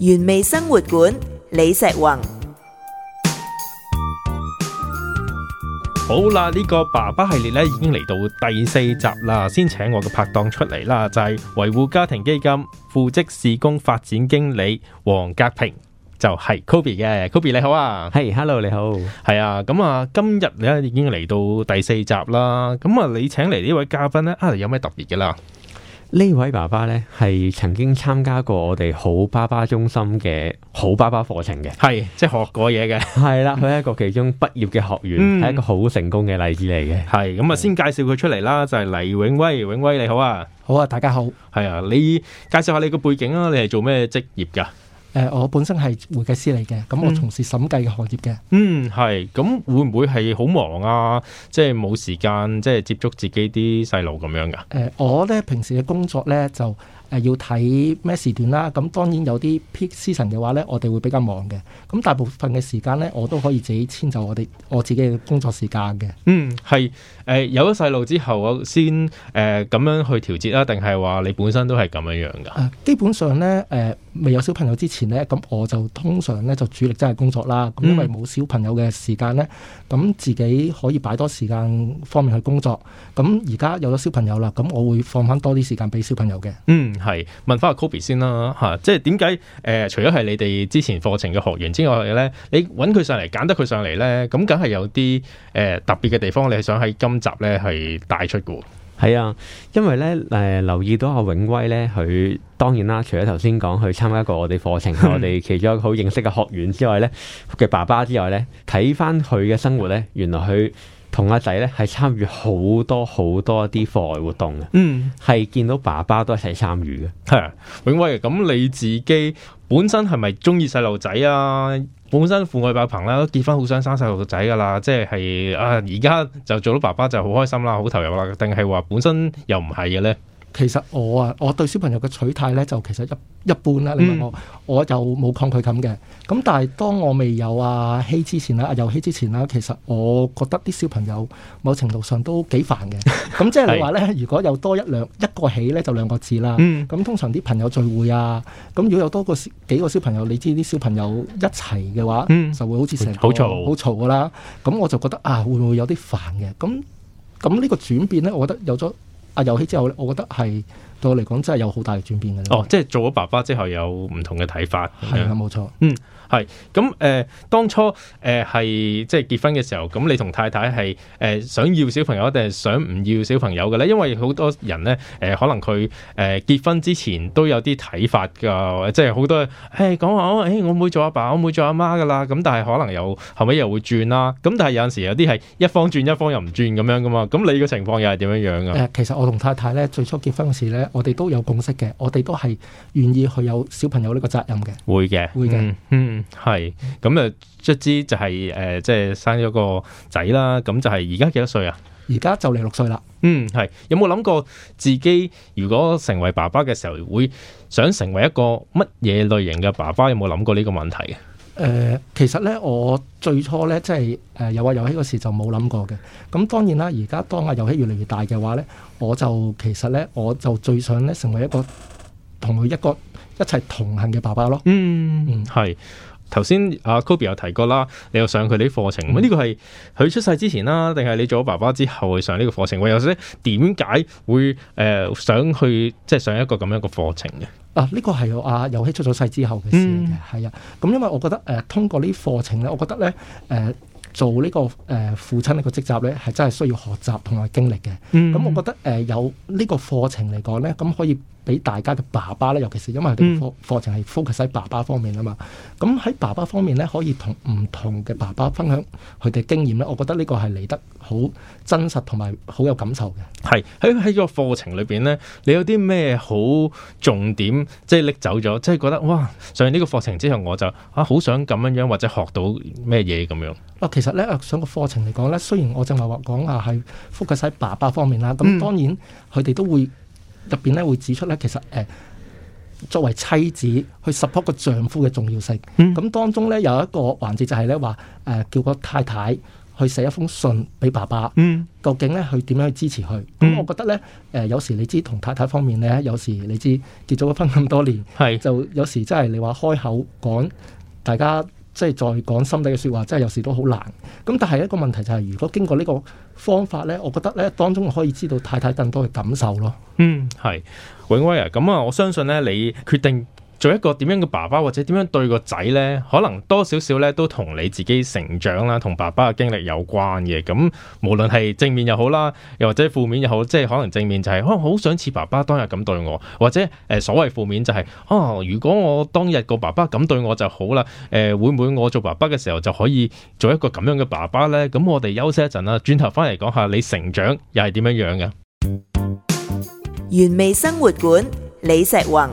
原味生活館李石宏，好啦，呢、這個爸爸系列咧已經嚟到第四集啦，先請我嘅拍檔出嚟啦，就係維護家庭基金副職事工發展經理黃格平，就係 Kobe 嘅 Kobe 你好啊，係、hey, Hello 你好，係啊，咁啊今日咧已經嚟到第四集啦，咁啊你請嚟呢位嘉賓咧啊有咩特別噶啦？呢位爸爸咧，係曾經參加過我哋好爸爸中心嘅好爸爸課程嘅，係即係學過嘢嘅，係 啦，佢係一個其中畢業嘅學員，係、嗯、一個好成功嘅例子嚟嘅。係咁啊，先介紹佢出嚟啦，就係、是、黎永威，永威你好啊，好啊，大家好，係啊，你介紹下你個背景啊，你係做咩職業噶？誒、呃，我本身係會計師嚟嘅，咁我從事審計嘅行業嘅，嗯。嗯，係，咁會唔會係好忙啊？即係冇時間，即係接觸自己啲細路咁樣㗎？誒、呃，我咧平時嘅工作咧就。要睇咩時段啦，咁當然有啲 peak season 嘅話呢，我哋會比較忙嘅。咁大部分嘅時間呢，我都可以自己遷就我哋我自己嘅工作時間嘅。嗯，係誒、呃、有咗細路之後，我先誒咁、呃、樣去調節啦，定係話你本身都係咁樣樣噶、啊？基本上呢，誒、呃、未有小朋友之前呢，咁我就通常呢就主力真係工作啦。咁因為冇小朋友嘅時間呢，咁、嗯、自己可以擺多時間方面去工作。咁而家有咗小朋友啦，咁我會放翻多啲時間俾小朋友嘅。嗯。係問翻阿 Kobe 先啦，吓、啊、即係點解？誒、呃，除咗係你哋之前課程嘅學員之外咧，你揾佢上嚟揀得佢上嚟咧，咁梗係有啲誒、呃、特別嘅地方，你係想喺今集咧係帶出嘅。係啊，因為咧誒、呃、留意到阿永威咧，佢當然啦，除咗頭先講去參加過我哋課程，我哋其中一個好認識嘅學員之外咧嘅 爸爸之外咧，睇翻佢嘅生活咧，原來佢。同阿仔咧係參與好多好多一啲課外活動嘅，係、嗯、見到爸爸都一齊參與嘅。永威，咁你自己本身係咪中意細路仔啊？本身父愛爆棚啦，結婚好想生細路仔噶啦，即係啊，而家就做到爸爸就好開心啦，好投入啦。定係話本身又唔係嘅咧？其實我啊，我對小朋友嘅取態咧，就其實一一般啦。你問我，嗯、我就冇抗拒感嘅。咁但係當我未有阿希之前啦，阿遊希之前啦，其實我覺得啲小朋友某程度上都幾煩嘅。咁 即係你話咧，如果有多一兩一個起咧，就兩個字啦。咁、嗯、通常啲朋友聚會啊，咁如果有多個幾個小朋友，你知啲小朋友一齊嘅話，嗯、就會好似成個好嘈好嘈噶啦。咁我就覺得啊，會唔會有啲煩嘅？咁咁呢個轉變咧，我覺得有咗。阿遊戲之後，我覺得係對我嚟講真係有好大嘅轉變嘅。哦，即係做咗爸爸之後，有唔同嘅睇法。係啊，冇錯。嗯。係咁誒，當初誒係、呃、即係結婚嘅時候，咁你同太太係誒、呃、想要小朋友定係想唔要小朋友嘅咧？因為好多人咧誒、呃，可能佢誒、呃、結婚之前都有啲睇法噶，即係好多誒講話我唔會做阿爸，爸，我唔會做阿媽噶啦。咁但係可能又後尾又會轉啦、啊。咁但係有陣時有啲係一方轉，一方又唔轉咁樣噶嘛。咁你嘅情況又係點樣樣啊？誒、呃，其實我同太太咧最初結婚嗰時咧，我哋都有共識嘅，我哋都係願意去有小朋友呢個責任嘅。會嘅的，會嘅的、嗯，嗯。係，咁啊、嗯，卒之就係誒，即係生咗個仔啦。咁就係而家幾多歲啊？而家就嚟六歲啦。嗯，係。有冇諗過自己如果成為爸爸嘅時候，會想成為一個乜嘢類型嘅爸爸？有冇諗過呢個問題？誒、呃，其實咧，我最初咧，即係誒有啊有希嗰時就冇諗過嘅。咁當然啦，而家當下有希越嚟越大嘅話咧，我就其實咧，我就最想咧成為一個同佢一個，一齊同行嘅爸爸咯，嗯，係頭先阿 Kobe 又提過啦，你有上佢啲課程，咁呢、嗯、個係佢出世之前啦、啊，定係你做咗爸爸之後會上呢個課程？或者點解會誒、呃、想去即係上一個咁樣嘅課程嘅？啊，呢、這個係阿遊戲出咗世之後嘅事嚟嘅，係啊、嗯。咁、嗯嗯、因為我覺得誒、呃，通過呢啲課程咧，我覺得咧誒、呃，做呢、這個誒、呃、父親呢個職責咧，係真係需要學習同埋經歷嘅。咁我覺得誒，有呢個課程嚟講咧，咁可以。嗯俾大家嘅爸爸咧，尤其是因為啲課課程係 focus 喺爸爸方面啊嘛。咁喺、嗯、爸爸方面咧，可以同唔同嘅爸爸分享佢哋經驗咧。我覺得呢個係嚟得好真實同埋好有感受嘅。係喺喺個課程裏邊咧，你有啲咩好重點？即係拎走咗，即係覺得哇！上完呢個課程之後，我就啊好想咁樣樣，或者學到咩嘢咁樣。嗱，其實咧上個課程嚟講咧，雖然我正話話講啊係 focus 喺爸爸方面啦，咁當然佢哋都會、嗯。入邊咧，會指出咧，其實誒、呃，作為妻子去 support 個丈夫嘅重要性。咁、嗯、當中咧有一個環節就係咧話，誒、呃，叫個太太去寫一封信俾爸爸。嗯，究竟咧佢點樣去支持佢？咁、嗯、我覺得咧，誒、呃，有時你知同太太方面咧，有時你知結咗婚咁多年，係是就有時真係你話開口講，大家。即係再講心底嘅說話，真係有時都好難。咁但係一個問題就係，如果經過呢個方法呢，我覺得呢當中可以知道太太更多嘅感受咯。嗯，係永威啊，咁啊，我相信呢，你決定。做一個點樣嘅爸爸或者點樣對個仔呢？可能多少少呢，都同你自己成長啦，同爸爸嘅經歷有關嘅。咁無論係正面又好啦，又或者負面又好，即係可能正面就係可能好想似爸爸當日咁對我，或者誒、呃、所謂負面就係、是、哦、啊，如果我當日個爸爸咁對我就好啦。誒、呃，會唔會我做爸爸嘅時候就可以做一個咁樣嘅爸爸呢？咁我哋休息一陣啦，轉頭翻嚟講下你成長又係點樣樣嘅？原味生活館李石宏。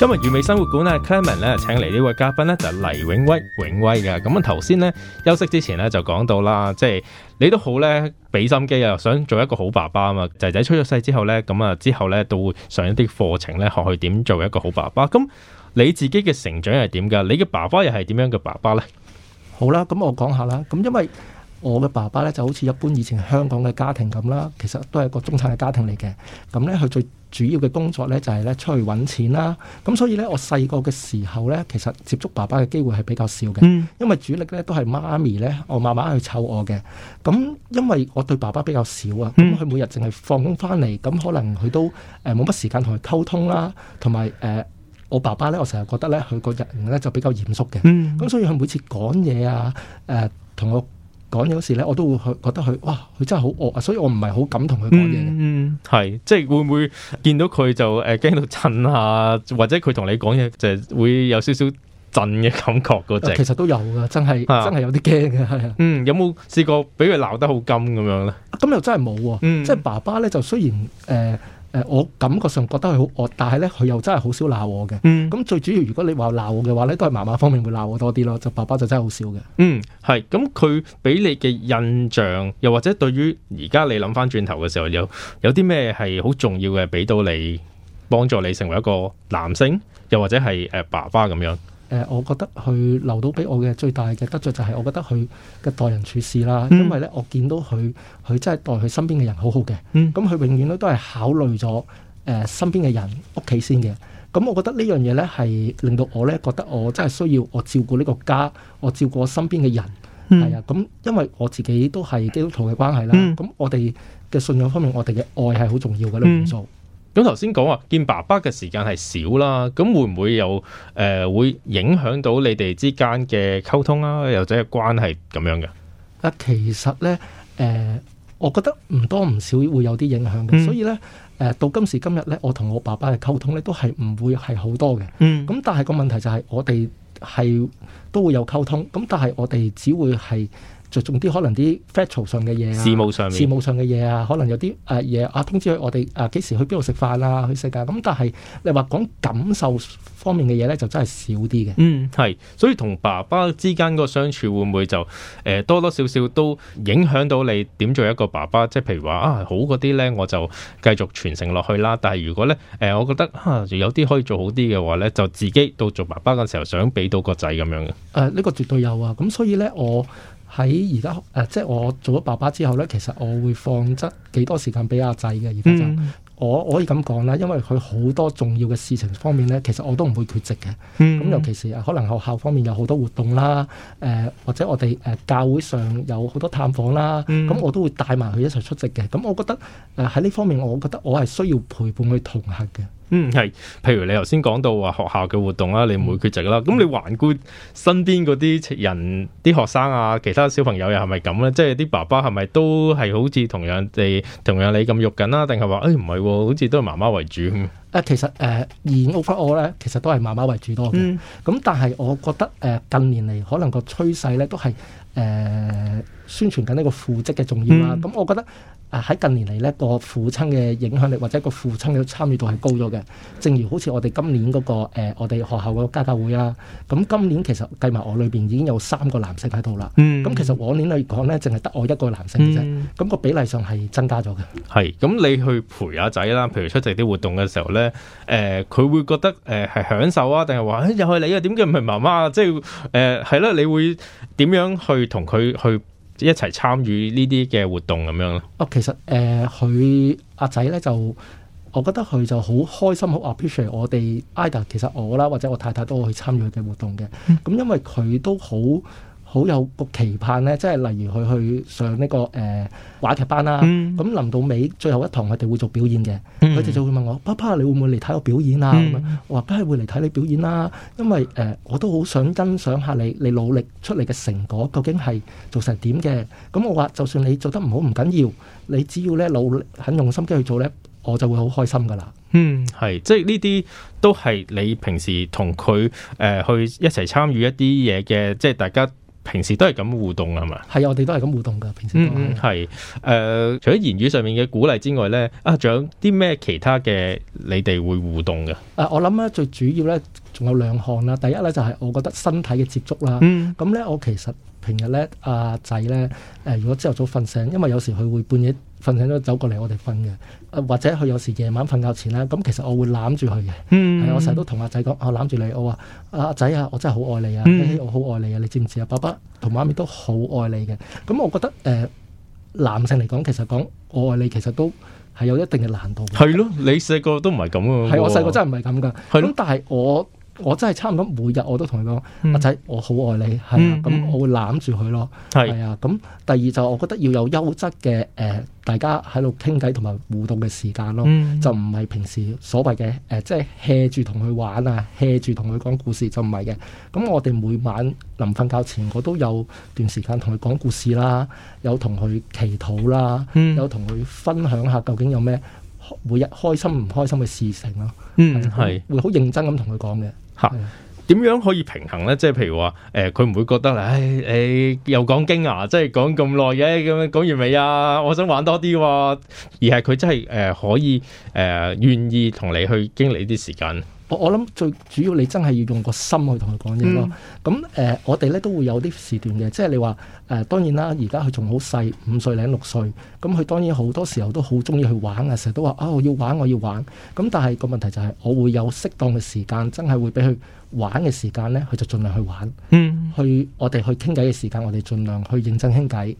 今日粵美生活館咧，Clement 咧請嚟呢位嘉賓咧就係黎永威，永威嘅。咁啊頭先咧休息之前咧就講到啦，即係你都好咧俾心機啊，想做一個好爸爸啊嘛。仔仔出咗世之後咧，咁啊之後咧都會上一啲課程咧，學去點做一個好爸爸。咁你自己嘅成長係點噶？你嘅爸爸又係點樣嘅爸爸呢？好啦，咁我講下啦。咁因為我嘅爸爸咧就好似一般以前香港嘅家庭咁啦，其實都係一個中產嘅家庭嚟嘅。咁咧佢最主要嘅工作咧就係、是、咧出去揾錢啦。咁、嗯、所以咧我細個嘅時候咧，其實接觸爸爸嘅機會係比較少嘅。因為主力咧都係媽咪咧，我媽媽去湊我嘅。咁、嗯、因為我對爸爸比較少啊，咁、嗯、佢、嗯、每日淨係放工翻嚟，咁可能佢都誒冇乜時間同佢溝通啦。同埋誒我爸爸咧，我成日覺得咧佢個人咧就比較嚴肅嘅。咁、嗯嗯、所以佢每次講嘢啊，誒、呃、同我，講嘢時咧，我都會去覺得佢，哇，佢真係好惡啊！所以我唔係好敢同佢講嘢嘅。係、嗯，即係會唔會見到佢就誒驚到震下，或者佢同你講嘢就會有少少震嘅感覺嗰隻？其實都有噶，真係真係有啲驚嘅。係啊，嗯，有冇試過俾佢鬧得好甘咁樣咧？咁、啊、又真係冇、啊，嗯、即係爸爸咧就雖然誒。呃誒，我感覺上覺得佢好惡，但係咧佢又真係好少鬧我嘅。咁、嗯、最主要，如果你話鬧我嘅話咧，都係媽媽方面會鬧我多啲咯。就爸爸就真係好少嘅。嗯，係。咁佢俾你嘅印象，又或者對於而家你諗翻轉頭嘅時候，有有啲咩係好重要嘅，俾到你幫助你成為一個男性，又或者係誒、呃、爸爸咁樣？誒、呃，我覺得佢留到俾我嘅最大嘅得著就係，我覺得佢嘅待人處事啦，嗯、因為咧我見到佢，佢真係待佢身邊嘅人好好嘅。咁佢、嗯、永遠都都係考慮咗誒、呃、身邊嘅人屋企先嘅。咁、嗯、我覺得呢樣嘢咧係令到我咧覺得我真係需要我照顧呢個家，我照顧我身邊嘅人係、嗯、啊。咁、嗯、因為我自己都係基督徒嘅關係啦，咁、嗯嗯、我哋嘅信仰方面，我哋嘅愛係好重要嘅一啲元咁頭先講話見爸爸嘅時間係少啦，咁會唔會有誒會影響到你哋之間嘅溝通啦，又或者關係咁樣嘅？啊，其實咧，誒，我覺得唔多唔少會有啲影響嘅，所以咧，誒，到今時今日咧，我同我爸爸嘅溝通咧都係唔會係好多嘅。嗯，咁但係個問題就係我哋係都會有溝通，咁但係我哋只會係。着重啲可能啲 factual 上嘅嘢啊，事務上、事務上嘅嘢啊，可能有啲誒嘢啊通知佢我哋啊幾時去邊度食飯啊去世界咁，但係你話講感受方面嘅嘢咧，就真係少啲嘅。嗯，係，所以同爸爸之間個相處會唔會就誒、呃、多多少少都影響到你點做一個爸爸？即係譬如話啊好嗰啲咧，我就繼續傳承落去啦。但係如果咧誒、呃，我覺得啊有啲可以做好啲嘅話咧，就自己到做爸爸嘅時候想俾到個仔咁樣嘅。誒呢、啊呢個絕對有啊，咁所以咧我。喺而家誒，即係我做咗爸爸之後咧，其實我會放置幾多時間俾阿仔嘅。而家就、嗯、我，我可以咁講啦，因為佢好多重要嘅事情方面咧，其實我都唔會缺席嘅。咁、嗯嗯、尤其是可能學校方面有好多活動啦，誒、呃、或者我哋誒、呃、教會上有好多探訪啦，咁、嗯、我都會帶埋佢一齊出席嘅。咁我覺得誒喺呢方面，我覺得、呃、我係需要陪伴佢同行嘅。嗯，係，譬如你頭先講到話學校嘅活動啦，你唔會缺席啦，咁、嗯、你環顧身邊嗰啲人，啲學生啊，其他小朋友又係咪咁咧？即係啲爸爸係咪都係好似同樣地，同樣你咁喐緊啦、啊？定係話誒，唔、哎、係、啊，好似都係媽媽為主咁？誒，其實誒，二屋不二咧，其實都係媽媽為主多嘅。咁、嗯、但係我覺得誒，近年嚟，可能個趨勢咧，都係誒宣傳緊呢個父職嘅重要啦。咁我覺得。Uh, 啊！喺近年嚟咧，個父親嘅影響力或者個父親嘅參與度係高咗嘅。正如好似我哋今年嗰、那個、呃、我哋學校嘅家教會啦、啊，咁、嗯、今年其實計埋我裏邊已經有三個男性喺度啦。咁、嗯、其實往年嚟講咧，淨係得我一個男性嘅啫。咁、嗯、個比例上係增加咗嘅。係咁，你去陪阿仔啦，譬如出席啲活動嘅時候咧，誒、呃，佢會覺得誒係、呃、享受啊，定係話又係你啊？點解唔係媽媽啊？即係誒係啦，你會點樣去同佢去？一齊參與呢啲嘅活動咁樣咯。哦、啊，其實誒，佢阿仔咧就，我覺得佢就好開心，好 appreciate 我哋 ida 其實我啦，或者我太太都去參與佢嘅活動嘅。咁 因為佢都好。好有個期盼咧，即係例如佢去上呢、這個誒、呃、話劇班啦、啊。咁臨、嗯、到尾最後一堂，佢哋會做表演嘅。佢哋、嗯、就會問我：「爸爸，你會唔會嚟睇我表演啊？咁樣、嗯，我話梗係會嚟睇你表演啦、啊。因為誒、呃，我都好想欣賞下你，你努力出嚟嘅成果究竟係做成點嘅。咁我話，就算你做得唔好，唔緊要，你只要咧努力、很用心咁去做咧，我就會好開心噶啦。嗯，係、嗯，即係呢啲都係你平時同佢誒去一齊參與一啲嘢嘅，即係大家。平時都係咁互動係嘛？係啊，我哋都係咁互動噶。平時都嗯係誒、呃，除咗言語上面嘅鼓勵之外咧，啊，仲有啲咩其他嘅你哋會互動嘅？啊、呃，我諗咧最主要咧，仲有兩項啦。第一咧就係、是、我覺得身體嘅接觸啦。嗯，咁咧我其實平日咧阿、啊、仔咧誒、呃，如果朝頭早瞓醒，因為有時佢會半夜。瞓醒都走過嚟，我哋瞓嘅，或者佢有時夜晚瞓覺前咧，咁其實我會攬住佢嘅。係、嗯、我成日都同阿仔講，我攬住你，我話阿仔啊，我真係好愛你啊，嗯欸，我好愛你啊，你知唔知啊？爸爸同媽咪都好愛你嘅。咁我覺得誒、呃，男性嚟講，其實講我愛你，其實都係有一定嘅難度。係咯，你細個都唔係咁啊？係我細個真係唔係咁噶，咁的但係我。我真係差唔多每日我都同佢講，阿仔、嗯，我好愛你，係啊，咁我會攬住佢咯，係是啊。咁、嗯、第二就我覺得要有優質嘅誒，大家喺度傾偈同埋互動嘅時間咯，嗯、就唔係平時所謂嘅誒，即係 hea 住同佢玩啊，hea 住同佢講故事就唔係嘅。咁我哋每晚臨瞓覺前，我都有段時間同佢講故事啦，有同佢祈禱啦，有同佢分享下究竟有咩每日開心唔開心嘅事情咯。嗯，係、嗯嗯嗯、會好認真咁同佢講嘅。吓，點樣可以平衡咧？即係譬如話，誒、呃，佢唔會覺得咧，你又講經啊，即係講咁耐嘅，咁樣講完未啊？我想玩多啲喎，啊，而係佢真係誒、呃，可以誒，願、呃、意同你去經歷呢啲時間。我我諗最主要你真係要用個心去同佢講嘢咯。咁誒，我哋咧都會有啲時段嘅，即係你話誒，當然啦。而家佢仲好細，五歲零六歲，咁佢當然好多時候都好鍾意去玩啊。成日都話啊，我要玩，我要玩。咁但係個問題就係我會有適當嘅時間，真係會俾佢玩嘅時間咧，佢就盡量去玩。嗯，去我哋去傾偈嘅時間，我哋盡量去認真傾偈。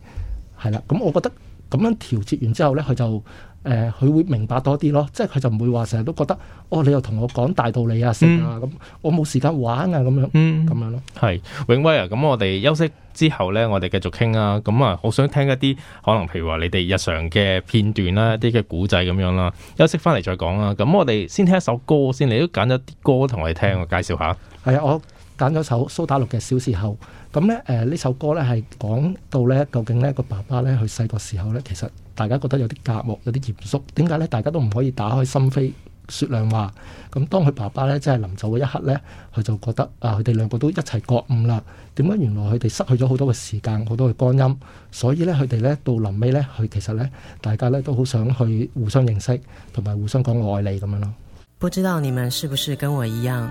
係啦，咁我覺得。咁樣調節完之後咧，佢就誒，佢，呃、會明白多啲咯。即係佢就唔會話成日都覺得，哦，你又同我講大道理啊，成、嗯、啊咁，我冇時間玩啊，咁樣，嗯，咁樣咯。係永威啊，咁我哋休息之後咧，我哋繼續傾啊。咁啊，我想聽一啲可能，譬如話你哋日常嘅片段啦，啊，一啲嘅古仔咁樣啦，啊。休息翻嚟再講啊。咁我哋先聽一首歌先，你歌，啊，你都揀咗啲歌同我哋聽，我介紹下。係啊，我揀咗首蘇打綠嘅《小時候》。咁咧，誒呢首歌咧係講到咧，究竟呢個爸爸咧，佢細個時候咧，其實大家覺得有啲隔膜，有啲嚴肅。點解咧？大家都唔可以打開心扉説兩話。咁當佢爸爸咧即係臨走嘅一刻咧，佢就覺得啊，佢哋兩個都一齊覺悟啦。點解原來佢哋失去咗好多嘅時間，好多嘅光陰。所以咧，佢哋咧到臨尾咧，佢其實咧，大家咧都好想去互相認識，同埋互相講愛你咁樣咯。不知道你們是不是跟我一樣，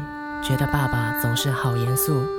覺得爸爸總是好嚴肅？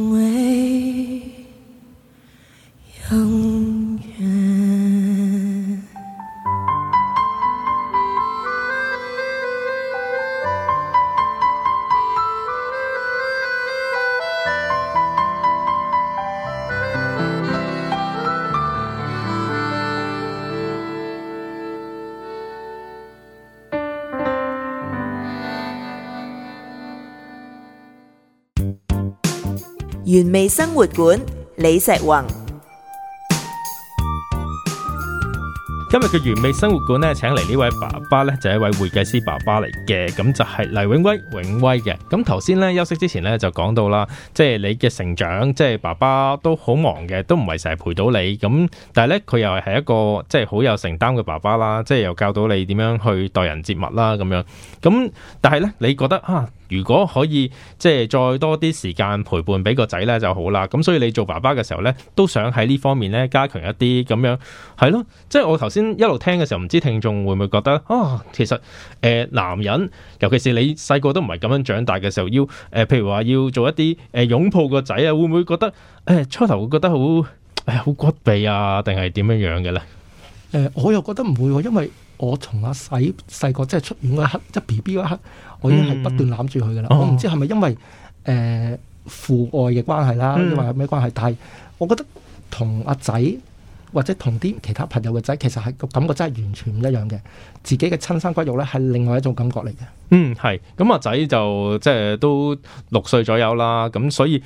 原味生活館李石宏，今日嘅原味生活館咧，請嚟呢位爸爸咧，就係一位會計師爸爸嚟嘅，咁就係黎永威永威嘅。咁頭先咧休息之前咧就講到啦，即係你嘅成長，即係爸爸都好忙嘅，都唔係成日陪到你。咁但係咧，佢又係一個即係好有承擔嘅爸爸啦，即係又教到你點樣去待人接物啦，咁樣。咁但係咧，你覺得啊？如果可以，即係再多啲時間陪伴俾個仔呢就好啦。咁、嗯、所以你做爸爸嘅時候呢，都想喺呢方面呢加強一啲咁樣，係咯。即係我頭先一路聽嘅時候，唔知聽眾會唔會覺得啊、哦，其實誒、呃、男人，尤其是你細個都唔係咁樣長大嘅時候，要、呃、誒譬如話要做一啲誒、呃、擁抱個仔啊，會唔會覺得誒、呃、初頭會覺得好誒好骨痹啊，定係點樣樣嘅呢？呃，我又覺得唔會，因為。我從阿仔細個即係出院嗰一刻，即係 BB 嗰一刻，我已經係不斷攬住佢噶啦。嗯、我唔知係咪因為誒、呃、父愛嘅關係啦，亦或係咩關係，但係我覺得同阿仔。或者同啲其他朋友嘅仔，其實係個感覺真係完全唔一樣嘅。自己嘅親生骨肉咧，係另外一種感覺嚟嘅。嗯，係，咁阿仔就即係都六歲左右啦，咁所以誒、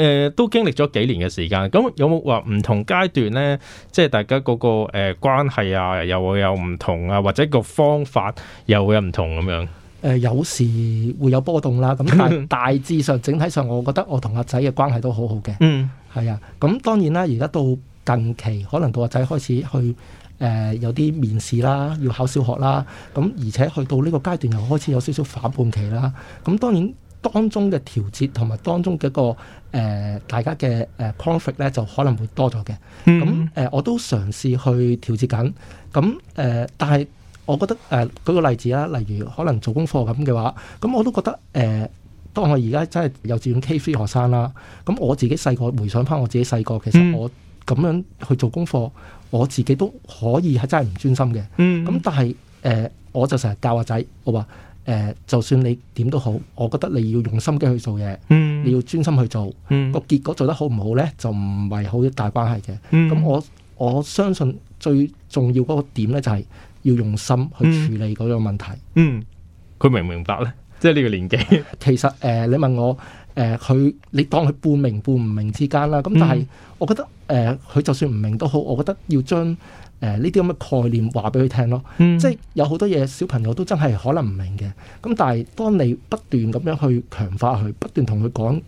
呃，都經歷咗幾年嘅時間，咁有冇話唔同階段咧，即係大家嗰、嗰個誒、呃、關係啊，又會有唔同啊，或者個方法又會有唔同咁、啊、樣，誒、呃，有時會有波動啦。咁但大致上 整體上，我覺得我同阿仔嘅關係都好好嘅。嗯，係啊。咁當然啦，而家到近期可能到個仔開始去誒、呃、有啲面試啦，要考小學啦。咁、嗯、而且去到呢個階段又開始有少少反叛期啦。咁、嗯、當然當中嘅調節同埋當中嘅一個、呃、大家嘅誒 conflict 咧，就可能會多咗嘅。咁、嗯、誒、嗯嗯、我都嘗試去調節緊。咁、嗯、誒、呃，但係我覺得誒、呃、舉個例子啦，例如可能做功課咁嘅話，咁、嗯、我都覺得誒、呃，當我而家真係幼稚園 K3 學生啦。咁、嗯、我自己細個回想翻我自己細個，其實我、嗯。咁樣去做功課，我自己都可以係真係唔專心嘅。咁、嗯、但係，誒、呃、我就成日教個仔，我話誒、呃，就算你點都好，我覺得你要用心機去做嘢，嗯、你要專心去做。個、嗯、結果做得好唔好咧，就唔係好一大關係嘅。咁、嗯、我我相信最重要嗰個點咧，就係要用心去處理嗰種問題。嗯，佢明唔明白咧？即係呢個年紀、嗯，其實誒、呃，你問我誒，佢、呃、你當佢半、半明半唔明之間啦。咁但係、嗯，但我覺得。誒，佢、呃、就算唔明都好，我覺得要將誒呢啲咁嘅概念話俾佢聽咯。嗯、即係有好多嘢小朋友都真係可能唔明嘅。咁但係當你不斷咁樣去強化佢，不斷同佢講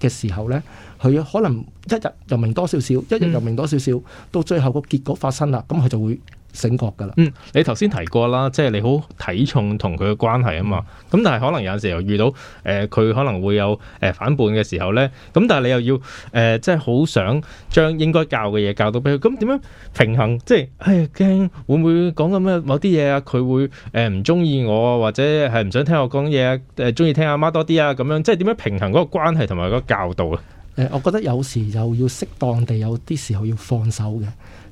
嘅時候呢，佢可能一日又明多少少，一日又明多少少，嗯、到最後個結果發生啦，咁佢就會醒覺噶啦，嗯，你頭先提過啦，即係你好體重同佢嘅關係啊嘛，咁但係可能有陣時又遇到，誒、呃、佢可能會有誒、呃、反叛嘅時候咧，咁但係你又要，誒、呃、即係好想將應該教嘅嘢教到俾佢，咁點樣平衡？即係，哎呀驚會唔會講緊咩某啲嘢啊？佢會誒唔中意我，或者係唔想聽我講嘢，誒中意聽阿媽，媽多啲啊？咁樣即係點樣平衡嗰個關係同埋嗰個教導啊？誒、呃，我覺得有時又要適當地有啲時候要放手嘅。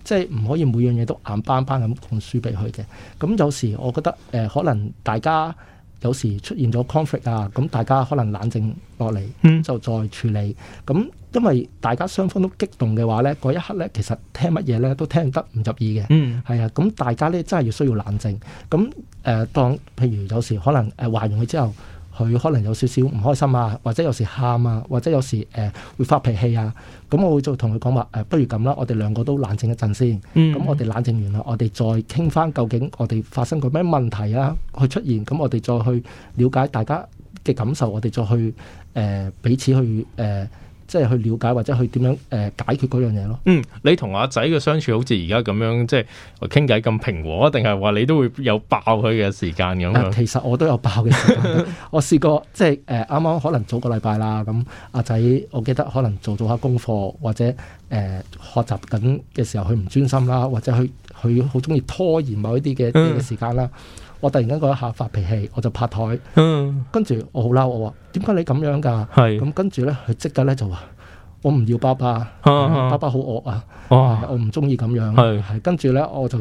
即係唔可以每樣嘢都硬梆梆咁灌輸俾佢嘅，咁有時我覺得誒、呃、可能大家有時出現咗 conflict 啊，咁大家可能冷靜落嚟，嗯，就再處理。咁、嗯、因為大家雙方都激動嘅話咧，嗰一刻咧，其實聽乜嘢咧都聽得唔入耳嘅、嗯，嗯，係啊，咁大家咧真係要需要冷靜。咁、嗯、誒、呃，當譬如有時可能誒話完佢之後，佢可能有少少唔開心啊，或者有時喊啊，或者有時誒、呃、會發脾氣啊。咁我會就同佢講話誒，不如咁啦，我哋兩個都冷靜一陣先。咁、嗯、我哋冷靜完啦，我哋再傾翻究竟我哋發生過咩問題啊，去出現，咁我哋再去了解大家嘅感受，我哋再去誒、呃、彼此去誒。呃即係去了解或者去點樣誒、呃、解決嗰樣嘢咯。嗯，你同阿仔嘅相處好似而家咁樣，即係傾偈咁平和，定係話你都會有爆佢嘅時間咁樣？其實我都有爆嘅時間， 我試過即係誒，啱、呃、啱可能早個禮拜啦，咁阿仔，我記得可能做做下功課或者誒、呃、學習緊嘅時候，佢唔專心啦，或者佢佢好中意拖延某一啲嘅嘅時間啦。嗯我突然間嗰一下發脾氣，我就拍台，跟住我好嬲，我話，點解你咁樣噶？咁跟住咧，佢即刻咧就話，我唔、啊、是要爸爸，啊啊嗯、爸爸好惡啊！啊我唔中意咁樣，係是跟住咧，我就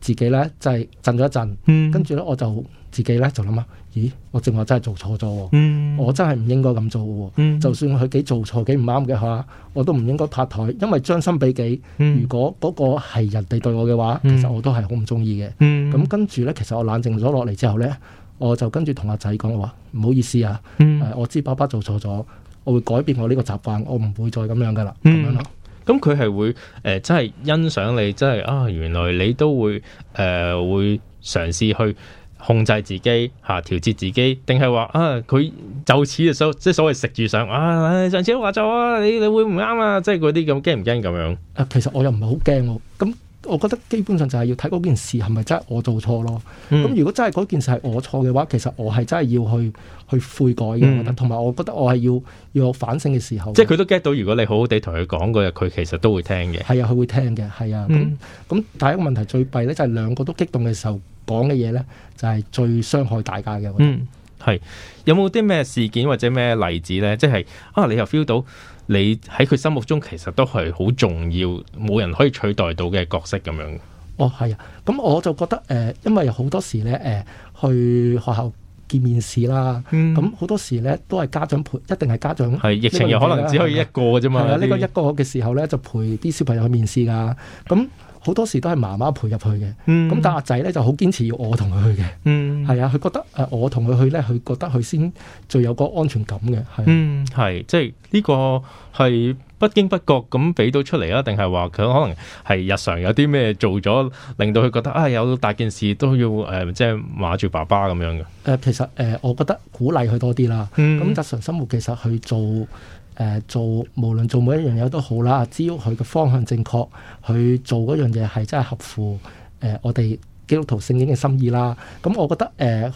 自己咧就係、是、震咗一震，跟住咧我就。嗯自己咧就諗下，咦？我正話真係做錯咗，嗯、我真係唔應該咁做嘅。嗯、就算佢幾做錯幾唔啱嘅話，我都唔應該拍台，因為將心比己。嗯、如果嗰個係人哋對我嘅話，嗯、其實我都係好唔中意嘅。咁跟住呢，其實我冷靜咗落嚟之後呢，我就跟住同阿仔講話，唔好意思啊，嗯呃、我知爸爸做錯咗，我會改變我呢個習慣，我唔會再咁樣噶啦咁樣咯。咁佢係會誒，真係欣賞你，真係啊，原來你都會誒會嘗試去。控制自己嚇、啊，調節自己，定係話啊，佢就此就所即係所謂食住上啊，上次都話咗啊，你你會唔啱啊？即係嗰啲咁驚唔驚咁樣？啊，其實我又唔係好驚喎，咁。我覺得基本上就係要睇嗰件事係咪真係我做錯咯。咁、嗯、如果真係嗰件事係我錯嘅話，其實我係真係要去去悔改嘅。我覺得，同埋我覺得我係要要有反省嘅時候。即係佢都 get 到，如果你好好地同佢講嗰日，佢其實都會聽嘅。係啊，佢會聽嘅。係啊。咁咁、嗯，但係一個問題最弊咧，就係兩個都激動嘅時候講嘅嘢咧，就係最傷害大家嘅。嗯，係有冇啲咩事件或者咩例子咧？即、就、係、是、啊，你又 feel 到？你喺佢心目中其實都係好重要，冇人可以取代到嘅角色咁樣。哦，係啊，咁我就覺得誒、呃，因為好多時咧誒、呃，去學校見面試啦，咁好、嗯、多時咧都係家長陪，一定係家長係的疫情又可能只可以一個嘅啫嘛。係啊的，呢的個一個嘅時候咧就陪啲小朋友去面試㗎，咁、嗯。好多時都係媽媽陪入去嘅，咁、嗯、但阿仔咧就好堅持要我同佢去嘅，係、嗯、啊，佢覺得誒、呃、我同佢去咧，佢覺得佢先最有個安全感嘅。啊、嗯，係，即係呢個係不經不覺咁俾到出嚟啊？定係話佢可能係日常有啲咩做咗，令到佢覺得啊、哎、有大件事都要誒、呃，即係馬住爸爸咁樣嘅。誒、呃，其實誒、呃，我覺得鼓勵佢多啲啦。咁日常生活其實去做。嗯嗯誒，做無論做每一樣嘢都好啦，只要佢嘅方向正確，去做嗰樣嘢係真係合乎誒、呃、我哋基督徒聖經嘅心意啦。咁我覺得誒，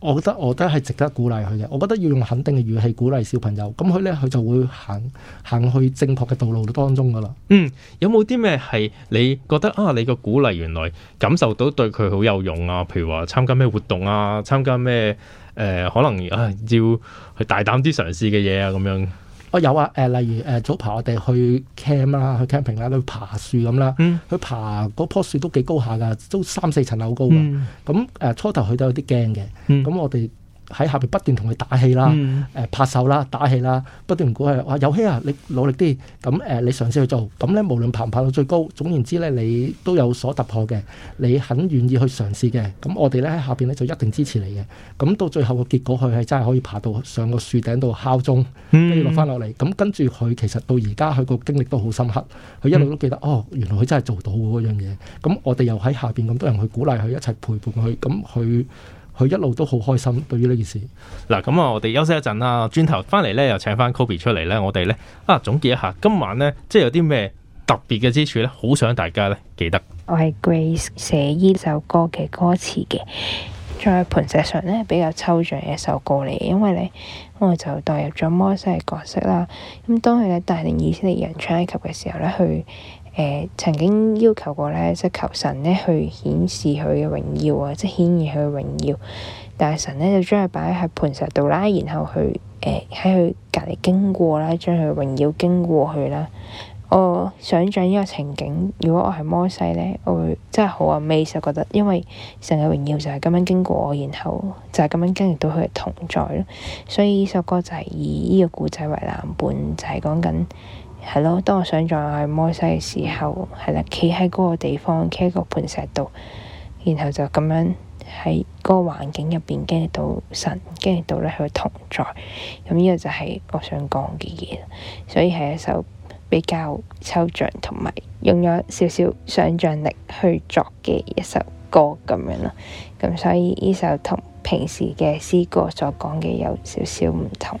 我覺得、呃、我覺得係值得鼓勵佢嘅。我覺得要用肯定嘅語氣鼓勵小朋友，咁佢咧佢就會行行去正確嘅道路當中噶啦。嗯，有冇啲咩係你覺得啊？你個鼓勵原來感受到對佢好有用啊？譬如話參加咩活動啊，參加咩誒、呃、可能啊要去大膽啲嘗試嘅嘢啊，咁、啊、樣。我、哦、有啊，誒、呃，例如誒、呃，早排我哋去 camp 啦，去 camping 啦，去爬樹咁啦，嗯、去爬嗰棵樹都幾高下噶，都三四層樓高㗎，咁誒、嗯嗯、初頭去都有啲驚嘅，咁、嗯、我哋。喺下邊不斷同佢打氣啦，誒、嗯、拍手啦、打氣啦，不斷鼓勵話：有希啊，你努力啲，咁誒、呃、你嘗試去做。咁咧，無論爬唔爬到最高，總言之咧，你都有所突破嘅。你肯願意去嘗試嘅。咁我哋咧喺下邊咧就一定支持你嘅。咁到最後個結果，佢係真係可以爬到上個樹頂度敲鐘，嗯、跟住落翻落嚟。咁跟住佢其實到而家佢個經歷都好深刻，佢一路都記得、嗯、哦，原來佢真係做到嗰樣嘢。咁我哋又喺下邊咁多人去鼓勵佢，一齊陪伴佢，咁佢。佢一路都好開心，對於呢件事。嗱，咁啊，我哋休息一陣啦，轉頭翻嚟咧，又請翻 Kobe 出嚟咧，我哋咧啊總結一下今晚咧，即係有啲咩特別嘅之處咧，好想大家咧記得。我係 Grace 寫依首歌嘅歌詞嘅，在盤石上咧比較抽象嘅一首歌嚟，嘅，因為咧我就代入咗摩西嘅角色啦。咁當佢咧帶領以色列人出埃及嘅時候咧，佢……呃、曾經要求過咧，即求神咧去顯示佢嘅榮耀啊，即顯現佢嘅榮耀。但係神咧就將佢擺喺磐石度啦，然後去誒喺佢隔離經過啦，將佢嘅榮耀經過去啦。我想象呢個情景，如果我係摩西咧，我會真係好 amazed 覺得，因為神嘅榮耀就係咁樣經過我，然後就係咁樣經歷到佢嘅同在咯。所以呢首歌就係以呢個故仔為藍本，就係講緊。係咯， 當我想象係摩西嘅時候，係啦，企喺嗰個地方，企喺個磐石度，然後就咁樣喺個環境入邊經歷到神，經歷到咧佢嘅同在，咁、嗯、呢、這個就係我想講嘅嘢，所以係一首比較抽象同埋用咗少少想像力去作嘅一首歌咁樣啦。咁、嗯、所以呢首同平時嘅詩歌所講嘅有少少唔同。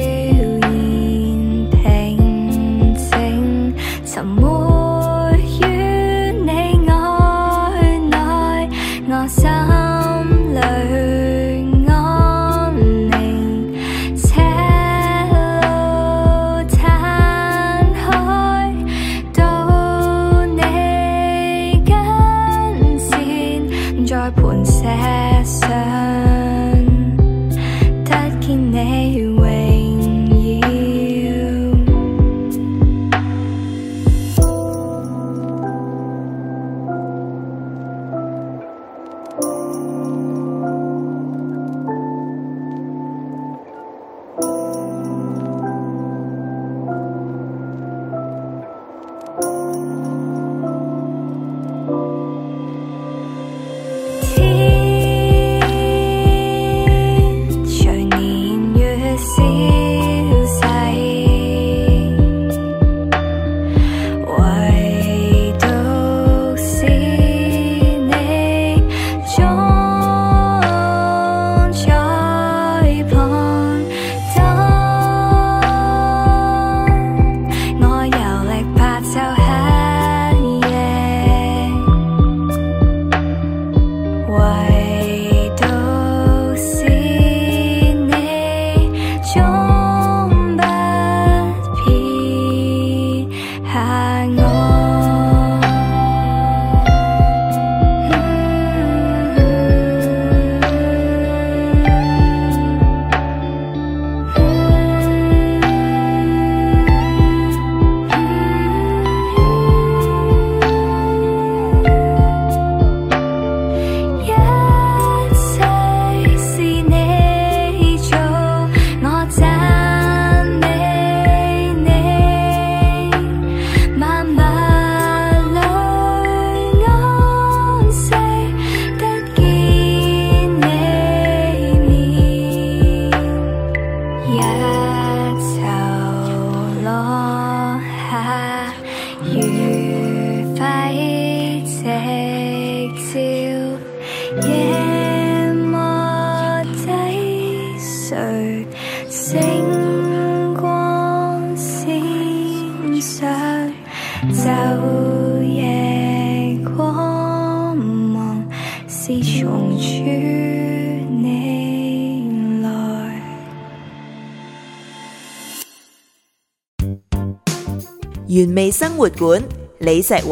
完美生活館李石宏，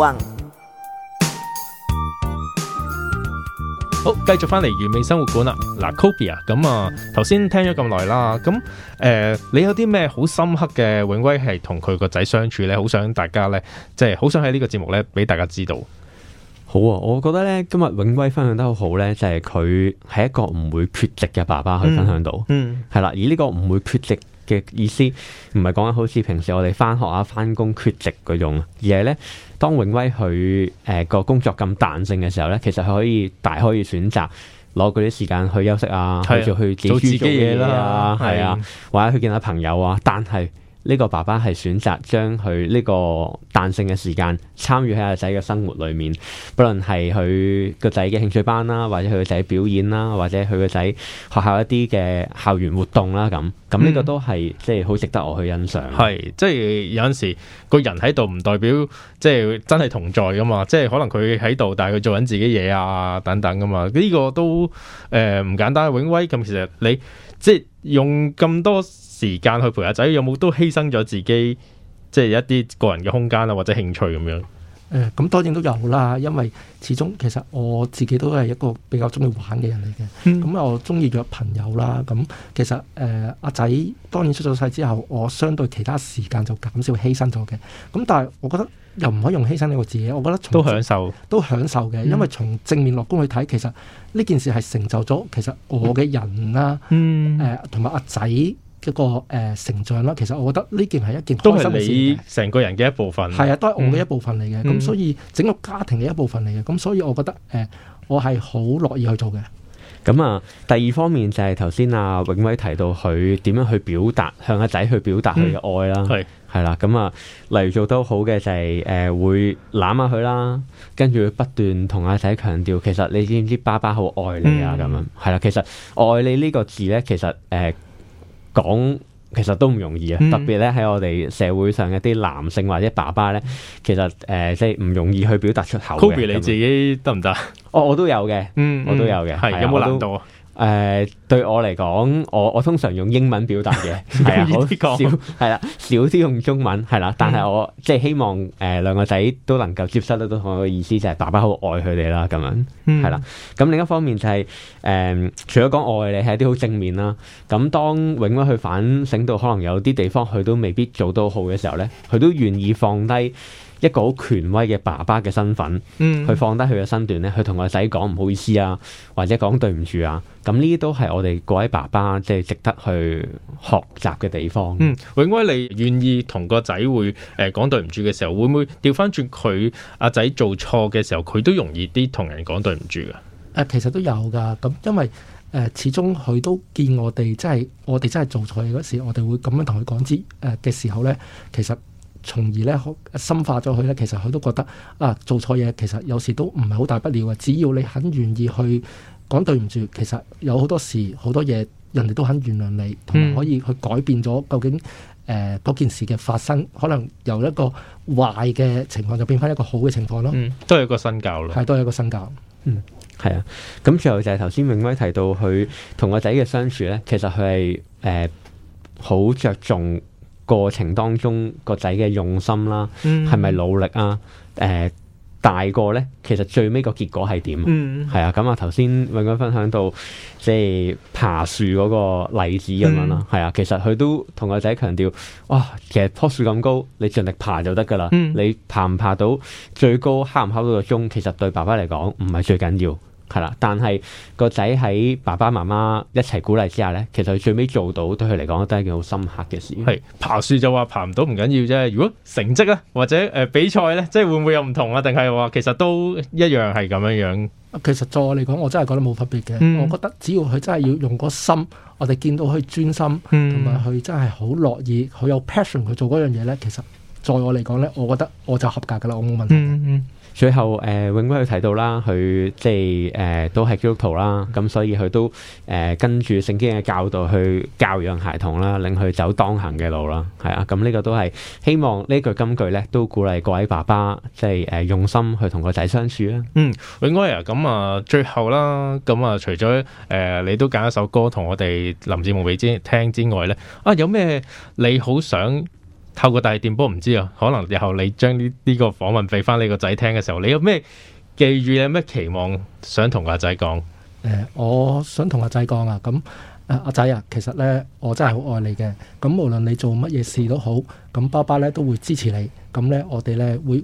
好繼續翻嚟完美生活館啦。嗱，Kobe 啊，咁啊，頭先聽咗咁耐啦，咁誒、呃，你有啲咩好深刻嘅永威係同佢個仔相處咧？好想大家咧，即係好想喺呢個節目咧，俾大家知道。好啊，我覺得咧今日永威分享得好好咧，就係佢係一個唔會缺席嘅爸爸去分享到，嗯，係、嗯、啦，而呢個唔會缺席。嘅意思唔係講緊好似平時我哋返學啊、返工缺席嗰種，而係咧當永威佢誒個工作咁彈性嘅時候咧，其實佢可以大可以選擇攞佢啲時間去休息啊，的去做去做自己嘢啦，係啊，或者去見下朋友啊，但係。呢個爸爸係選擇將佢呢個彈性嘅時間參與喺阿仔嘅生活裏面，不論係佢個仔嘅興趣班啦，或者佢個仔表演啦，或者佢個仔學校一啲嘅校園活動啦，咁咁呢個都係、嗯、即係好值得我去欣賞。係即係有陣時個人喺度唔代表即係真係同在噶嘛，即係可能佢喺度，但係佢做緊自己嘢啊等等噶嘛，呢個都誒，唔簡單啊！永威，咁其實你即係用咁多。時間去陪阿仔，有冇都犧牲咗自己，即係一啲個人嘅空間啊，或者興趣咁樣？誒、嗯，咁當然都有啦，因為始終其實我自己都係一個比較中意玩嘅人嚟嘅，咁我中意約朋友啦。咁、嗯嗯、其實誒阿仔當然出咗世之後，我相對其他時間就減少犧牲咗嘅。咁但係我覺得又唔可以用犧牲呢個字嘅，我覺得都享受，都享受嘅。因為從正面樂觀去睇，其實呢件事係成就咗其實我嘅人啦，啊、誒、嗯，同埋阿仔。嗯呃一個誒、呃、成長啦，其實我覺得呢件係一件開心嘅事。都係你成個人嘅一部分。係啊，都係我嘅一部分嚟嘅，咁、嗯、所以整個家庭嘅一部分嚟嘅，咁所以我覺得誒、呃，我係好樂意去做嘅。咁啊，第二方面就係頭先阿永威提到佢點樣去表達向阿仔去表達佢嘅愛啦，係係啦，咁啊，例如做得好嘅就係、是、誒、呃、會攬下佢啦，跟住不斷同阿仔強調，其實你知唔知爸爸好愛你啊？咁、嗯、樣係啦，其實愛你呢個字咧，其實誒。呃講其實都唔容易啊，嗯、特別咧喺我哋社會上一啲男性或者爸爸咧，其實誒即係唔容易去表達出口嘅。Kobe, 天你自己得唔得？哦，我都有嘅、嗯，嗯，我都有嘅，係有冇難度？啊？誒、呃，對我嚟講，我我通常用英文表達嘅，係好、 啊、少，係啦、啊，少啲用中文，係啦、啊。但係我 即係希望誒、呃，兩個仔都能夠接受得到我嘅意思，就係、是、爸爸好愛佢哋啦，咁樣，係啦、啊。咁 另一方面就係、是、誒、呃，除咗講愛，你係啲好正面啦。咁當永威去反省到，可能有啲地方佢都未必做到好嘅時候咧，佢都願意放低。一個好權威嘅爸爸嘅身份，嗯，去放低佢嘅身段咧，去同個仔講唔好意思啊，或者講對唔住啊，咁呢啲都係我哋各位爸爸即係、就是、值得去學習嘅地方。嗯，永威，你願意同個仔會誒講、呃、對唔住嘅時候，會唔會調翻轉佢阿仔做錯嘅時候，佢都容易啲同人講對唔住噶？誒、呃，其實都有噶，咁因為誒、呃、始終佢都見我哋，即係我哋真係做錯嘢嗰時候，我哋會咁樣同佢講知誒嘅時候咧，其實。從而咧，深化咗佢咧，其實佢都覺得啊，做錯嘢其實有時都唔係好大不了嘅。只要你肯願意去講對唔住，其實有好多事好多嘢，人哋都肯原諒你，同埋可以去改變咗究竟誒嗰、呃、件事嘅發生，可能由一個壞嘅情況就變翻一個好嘅情況咯、嗯。都係一個身教咯，係都係一個身教。嗯，係啊。咁最後就係頭先永威提到佢同個仔嘅相處咧，其實佢係誒好着重過程當中個仔嘅用心啦，係咪、嗯、努力啊？誒、呃，大個呢，其實最尾個結果係點？係、嗯、啊，咁啊頭先永威分享到即係爬樹嗰個例子咁樣啦，係、嗯、啊，其實佢都同個仔強調，哇，其實棵樹咁高，你盡力爬就得噶啦，嗯、你爬唔爬到最高，敲唔敲到個鐘，其實對爸爸嚟講唔係最緊要。係啦，但係個仔喺爸爸媽媽一齊鼓勵之下咧，其實佢最尾做到，對佢嚟講都係一件好深刻嘅事。係爬樹就話爬唔到唔緊要啫。如果成績咧，或者誒、呃、比賽咧，即係會唔會有唔同啊？定係話其實都一樣係咁樣樣。其實在我嚟講，我真係覺得冇分別嘅。嗯、我覺得只要佢真係要用個心，我哋見到佢專心，同埋佢真係好樂意、好有 passion 去做嗰樣嘢咧。其實在我嚟講咧，我覺得我就合格噶啦，我冇問題。嗯嗯最後，誒、呃、永威佢提到啦，佢即係誒、呃、都係基督徒啦，咁所以佢都誒、呃、跟住聖經嘅教導去教養孩童啦，令佢走當行嘅路啦，係啊，咁呢個都係希望呢句金句咧，都鼓勵各位爸爸即係誒、呃、用心去同個仔相處啦。嗯，永威啊，咁啊最後啦，咁啊除咗誒、呃、你都揀一首歌同我哋林志夢俾之聽之外咧，啊有咩你好想？透過大氣電波，唔知啊，可能日後你將呢呢個訪問畀返你個仔聽嘅時候，你有咩寄語？有咩期望想同阿仔講？誒、呃，我想同阿仔講啊，咁阿仔啊，其實呢，我真係好愛你嘅。咁無論你做乜嘢事都好，咁爸爸呢都會支持你。咁呢，我哋呢會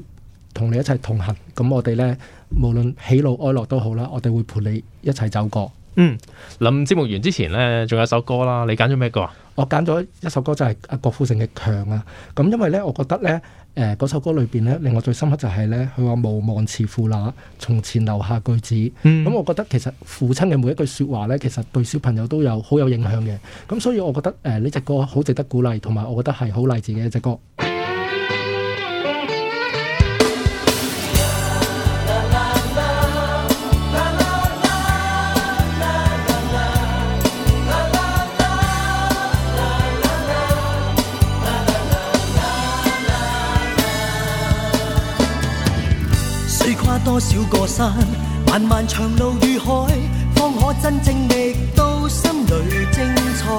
同你一齊同行。咁我哋呢，無論喜怒哀樂都好啦，我哋會陪你一齊走過。嗯。臨節目完之前呢，仲有一首歌啦，你揀咗咩歌啊？我揀咗一首歌就係阿郭富城嘅《強》啊，咁因為呢，我覺得呢誒嗰首歌裏邊呢，令我最深刻就係呢，佢話無忘慈父那從前留下句子，咁、嗯、我覺得其實父親嘅每一句説話呢，其實對小朋友都有好有影響嘅，咁所以我覺得誒呢隻歌好值得鼓勵，同埋我覺得係好勵志嘅一隻歌。多少個山，漫漫長路遇海，方可真正覓到心裏精彩。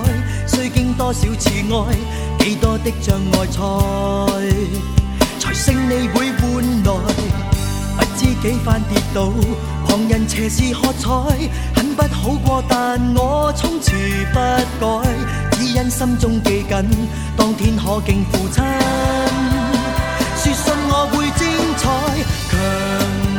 需經多少次愛，幾多的障礙賽，才勝利會換來。不知幾番跌倒，旁人斜視喝彩，很不好過，但我充持不改，只因心中記緊，當天可敬父親。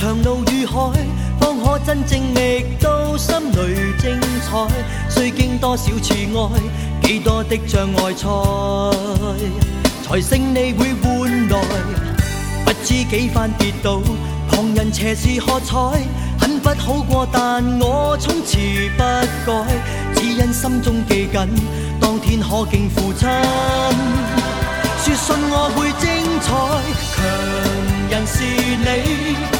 長路如海，方可真正覓到心裏精彩。需經多少次愛，幾多的障礙賽，才勝利會換來。不知幾番跌倒，旁人斜視喝彩，很不好過，但我衝刺不改，只因心中記緊，當天可敬父親，説信我會精彩，強人是你。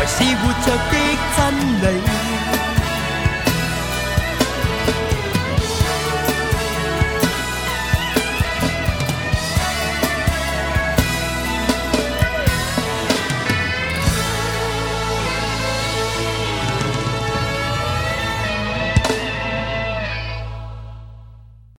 才是活着的真理。